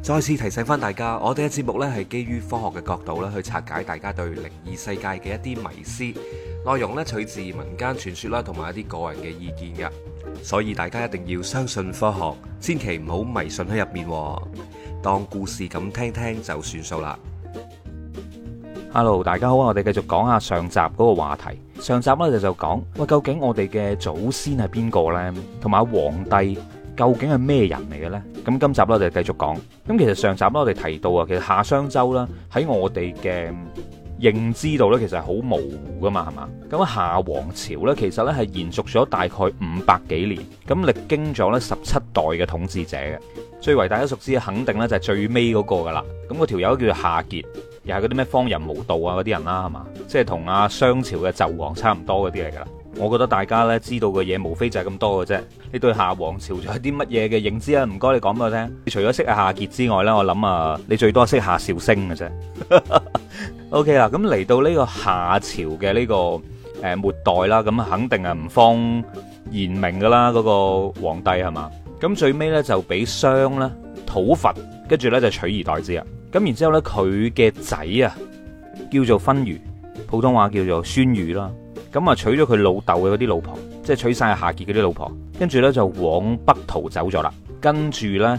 再次提醒翻大家，我哋嘅節目咧，係基於科學嘅角度啦，去拆解大家對靈異世界嘅一啲迷思。內容咧，取自民間傳說啦，同埋一啲個人嘅意見嘅，所以大家一定要相信科學，千祈唔好迷信喺入面，當故事咁聽聽就算數啦。Hello，大家好，我哋繼續講下上集嗰個話題。上集咧就就講喂，究竟我哋嘅祖先係邊個呢？同埋皇帝。究竟係咩人嚟嘅咧？咁今集咧我哋繼續講。咁其實上集咧我哋提到啊，其實夏商周啦喺我哋嘅認知度咧，其實係好模糊噶嘛，係嘛？咁夏王朝咧，其實咧係延續咗大概五百幾年，咁歷經咗咧十七代嘅統治者嘅。最為大家熟知嘅肯定咧就係最尾嗰個噶啦。咁嗰條友叫做夏桀，又係嗰啲咩荒淫無道啊嗰啲人啦，係嘛？即係同阿商朝嘅紂王差唔多嗰啲嚟噶啦。我覺得大家咧知道嘅嘢，無非就係咁多嘅啫。你對夏王朝仲有啲乜嘢嘅認知啊？唔該，你講俾我聽。你除咗識阿夏桀之外咧，我諗啊，你最多識夏少星嘅啫。 OK 啦，咁嚟到呢個夏朝嘅呢個誒末代啦，咁肯定係唔方賢明噶啦，嗰、嗰個皇帝係嘛？咁最尾咧就俾商咧討伐，跟住咧就取而代之啊。咁然之後咧佢嘅仔啊，叫做分余，普通話叫做孫余啦。咁啊，娶咗佢老豆嘅嗰啲老婆，即係娶晒夏桀嗰啲老婆，跟住呢，就往北逃走咗啦。跟住呢，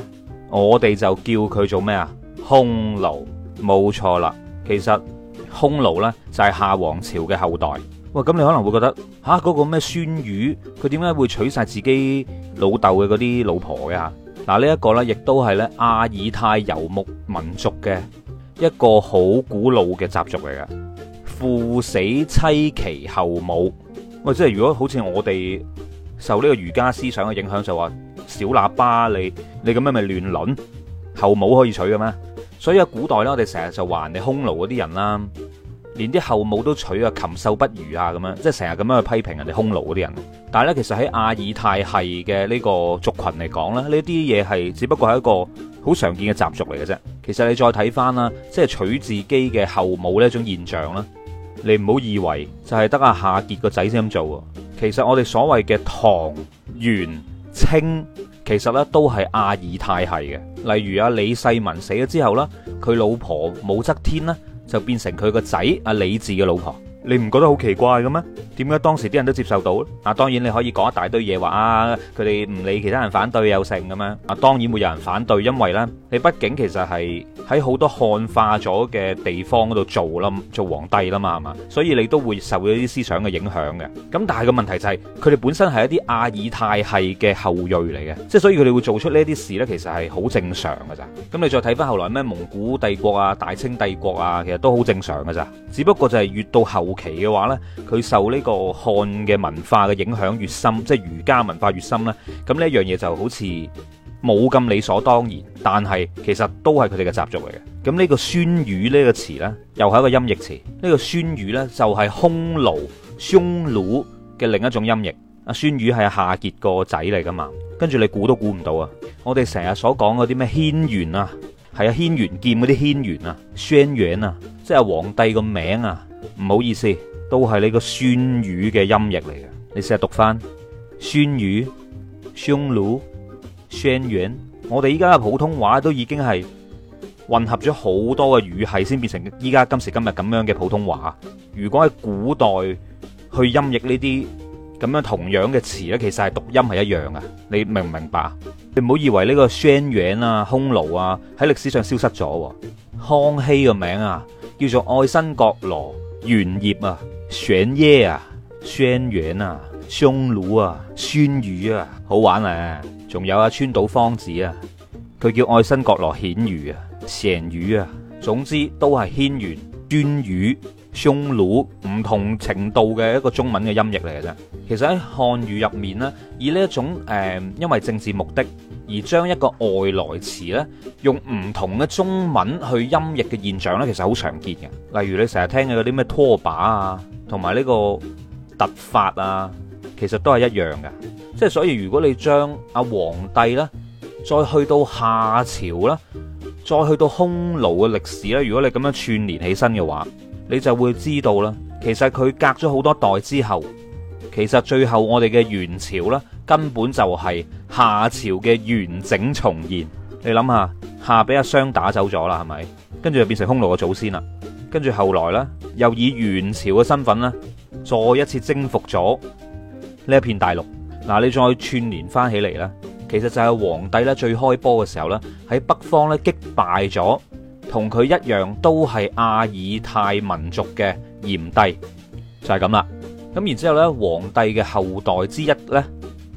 我哋就叫佢做咩啊？匈奴，冇錯啦。其實匈奴呢，就係、是、夏王朝嘅後代。喂，咁你可能會覺得吓嗰、啊那個咩孫宇，佢點解會娶晒自己老豆嘅嗰啲老婆嘅？嗱、啊，呢、這、一個呢，亦都係呢阿爾泰游牧民族嘅一個好古老嘅習俗嚟嘅。父死妻其後母，喂，即係如果好似我哋受呢個儒家思想嘅影響，就話、是、小喇叭你，你你咁樣咪亂倫後母可以娶嘅咩？所以喺古代咧，我哋成日就話人哋匈奴嗰啲人啦，連啲後母都娶啊，禽獸不如啊，咁樣即係成日咁樣去批評人哋匈奴嗰啲人。但係咧，其實喺阿爾泰係嘅呢個族群嚟講咧，呢啲嘢係只不過係一個好常見嘅習俗嚟嘅啫。其實你再睇翻啦，即係娶自己嘅後母呢一種現象咧。你唔好以為就係得阿夏桀個仔先咁做，其實我哋所謂嘅唐、元、清，其實咧都係阿爾泰系嘅。例如阿、啊，李世民死咗之後啦，佢老婆武則天呢，就變成佢個仔阿李治嘅老婆，你唔覺得好奇怪嘅咩？點解當時啲人都接受到咧？啊，當然你可以講一大堆嘢，話啊，佢哋唔理其他人反對又成嘅咩？啊，當然會有人反對，因為呢。你畢竟其實係喺好多漢化咗嘅地方嗰度做啦，做皇帝啦嘛，係嘛？所以你都會受一啲思想嘅影響嘅。咁但係個問題就係，佢哋本身係一啲阿爾泰系嘅後裔嚟嘅，即係所以佢哋會做出呢啲事呢，其實係好正常㗎咋。咁你再睇翻後來咩蒙古帝國啊、大清帝國啊，其實都好正常㗎咋。只不過就係越到後期嘅話呢，佢受呢個漢嘅文化嘅影響越深，即係儒家文化越深啦。咁呢樣嘢就好似冇咁理所當然，但係其實都係佢哋嘅習俗嚟嘅。咁呢個孫羽呢個詞呢，又係一個音譯詞。呢、呢個孫羽呢，就係、是、匈奴、匈奴嘅另一種音譯。阿孫羽係夏桀個仔嚟㗎嘛？跟住你估都估唔到啊！我哋成日所講嗰啲咩軒轅啊，係啊軒轅劍嗰啲軒轅啊、孫轅啊，即係皇帝個名啊，唔好意思，都係呢個孫羽嘅音譯嚟嘅。你試下讀翻孫羽、匈奴。軒轅，我哋依家嘅普通話都已經係混合咗好多嘅語系，先變成依家今時今日咁樣嘅普通話。如果喺古代去音譯呢啲咁樣同樣嘅詞咧，其實係讀音係一樣嘅。你明唔明白？你唔好以為呢個軒轅啊、匈奴啊喺歷史上消失咗。康熙嘅名啊，叫做愛新覺羅玄燁啊、玄燁啊、軒轅啊、匈奴啊、熏魚啊，啊，啊，啊，啊，啊，好玩啊。仲有啊，川島芳子啊，佢叫愛新覺羅顯玗啊，成語啊，總之都係軒轅、尊宇、中魯唔同程度嘅一個中文嘅音譯嚟嘅啫。其實喺漢語入面咧，以呢一種誒、嗯，因為政治目的而將一個外來詞咧，用唔同嘅中文去音譯嘅現象咧，其實好常見嘅。例如你成日聽嘅嗰啲咩拖把啊，同埋呢個突發啊，其實都係一樣嘅。即係所以，如果你將阿黃帝咧，再去到夏朝啦，再去到匈奴嘅歷史咧，如果你咁樣串連起身嘅話，你就會知道啦。其實佢隔咗好多代之後，其實最後我哋嘅元朝咧，根本就係夏朝嘅完整重現。你諗下，夏俾阿商打走咗啦，係咪？跟住就變成匈奴嘅祖先啦。跟住後來咧，又以元朝嘅身份咧，再一次征服咗呢一片大陸。嗱，你再串連翻起嚟咧，其實就係皇帝咧最開波嘅時候咧，喺北方咧擊敗咗同佢一樣都係亞爾泰民族嘅炎帝，就係咁啦。咁然之後咧，皇帝嘅後代之一咧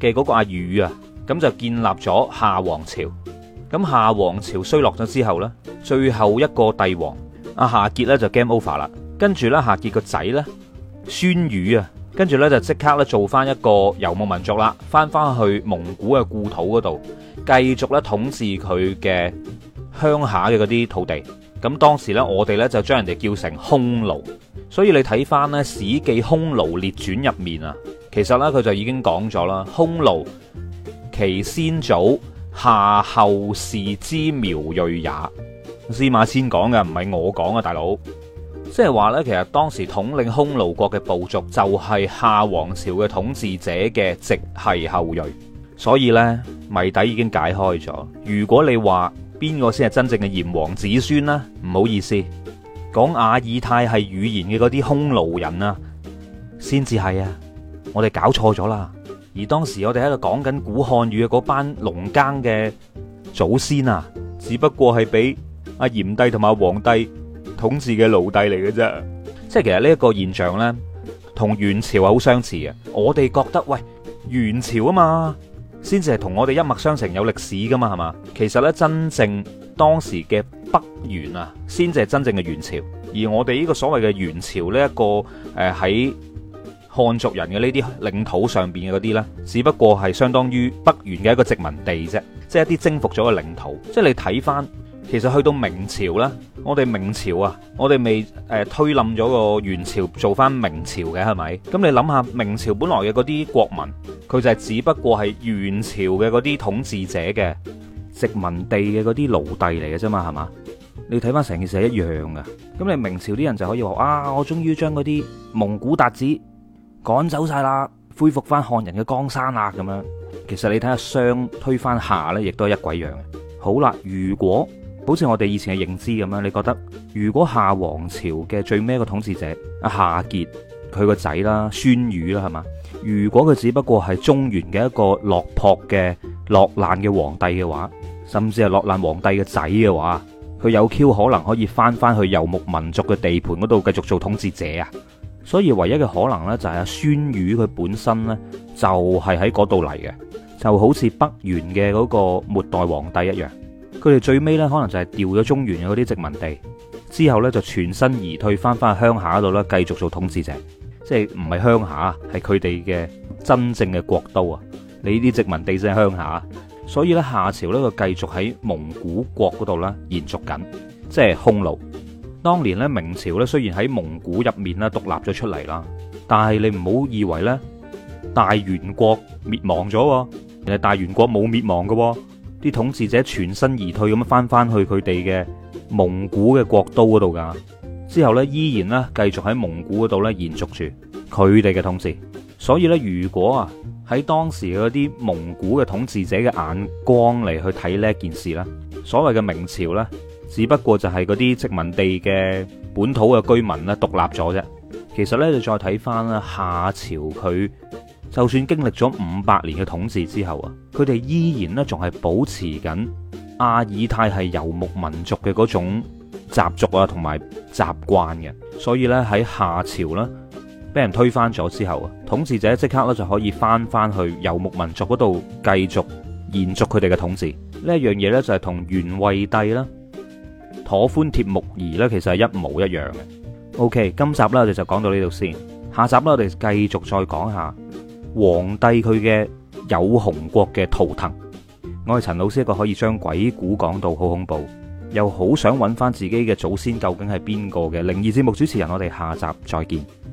嘅嗰個阿禹啊，咁就建立咗夏王朝。咁夏王朝衰落咗之後咧，最後一個帝王，阿夏桀咧就 game over 啦。跟住咧，夏桀個仔咧，孫禹啊。跟住呢，就即刻呢做翻一個遊牧民族啦，翻翻去蒙古嘅故土嗰度，繼續呢統治佢嘅鄉下嘅嗰啲土地。咁、嗯、當時呢，我哋呢就將人哋叫成匈奴，所以你睇翻呢《史記匈奴列傳》入面啊，其實呢，佢就已經講咗啦，匈奴其先祖夏后氏之苗裔也。司馬遷講嘅，唔係我講啊，大佬。即係話呢，其實當時統領匈奴國嘅部族就係夏王朝嘅統治者嘅直系後裔，所以呢，謎底已經解開咗。如果你話邊個先係真正嘅炎黃子孫呢？唔好意思，講阿爾泰系語言嘅嗰啲匈奴人啊，先至係啊，我哋搞錯咗啦。而當時我哋喺度講緊古漢語嘅嗰班農耕嘅祖先啊，只不過係俾阿炎帝同埋、啊、黃帝。統治嘅奴隸嚟嘅啫，即係其實呢一個現象呢，同元朝係好相似嘅。我哋覺得喂，元朝啊嘛，先至係同我哋一脈相承有歷史噶嘛，係嘛？其實呢，真正當時嘅北元啊，先至係真正嘅元朝，而我哋呢個所謂嘅元朝呢一個誒喺、呃、漢族人嘅呢啲領土上邊嘅嗰啲呢，只不過係相當於北元嘅一個殖民地啫，即係一啲征服咗嘅領土。即係你睇翻。其實去到明朝咧，我哋明朝啊，我哋未誒、呃、推冧咗個元朝，做翻明朝嘅係咪？咁你諗下，明朝本來嘅嗰啲國民，佢就係只不過係元朝嘅嗰啲統治者嘅殖民地嘅嗰啲奴隸嚟嘅啫嘛，係嘛？你睇翻成件事一樣噶。咁你明朝啲人就可以話：啊，我終於將嗰啲蒙古達子趕走晒啦，恢復翻漢人嘅江山啦。咁樣，其實你睇下商推翻夏呢，亦都係一鬼樣。好啦，如果好似我哋以前嘅認知咁樣，你覺得如果夏王朝嘅最尾一個統治者阿夏桀佢個仔啦，孫宇啦係嘛？如果佢只不過係中原嘅一個落魄嘅落難嘅皇帝嘅話，甚至係落難皇帝嘅仔嘅話，佢有 Q 可能可以翻翻去游牧民族嘅地盤嗰度繼續做統治者啊？所以唯一嘅可能呢、啊，就係阿孫宇佢本身呢，就係喺嗰度嚟嘅，就好似北元嘅嗰個末代皇帝一樣。佢哋最尾咧，可能就係掉咗中原嗰啲殖民地，之後呢，就全身而退，翻翻去鄉下嗰度咧，繼續做統治者，即係唔係鄉下，係佢哋嘅真正嘅國都啊！你啲殖民地先係鄉下，所以呢，夏朝呢，佢繼續喺蒙古國嗰度啦，延續緊，即係匈奴。當年呢，明朝呢，雖然喺蒙古入面咧獨立咗出嚟啦，但係你唔好以為呢，大元國滅亡咗，人哋大元國冇滅亡嘅。啲統治者全身而退，咁返返去佢哋嘅蒙古嘅國都嗰度㗎，之後呢，依然呢，繼續喺蒙古嗰度呢，延續住佢哋嘅統治，所以呢，如果啊喺當時嗰啲蒙古嘅統治者嘅眼光嚟去睇呢件事呢，所謂嘅明朝呢，只不過就係嗰啲殖民地嘅本土嘅居民呢，獨立咗啫，其實呢，你再睇翻啦，夏朝佢。就算經歷咗皇帝佢嘅有熊國嘅圖騰，我係陳老師一個可以將鬼故講到好恐怖，又好想搵翻自己嘅祖先究竟係邊個嘅靈異節目主持人，我哋下集再見。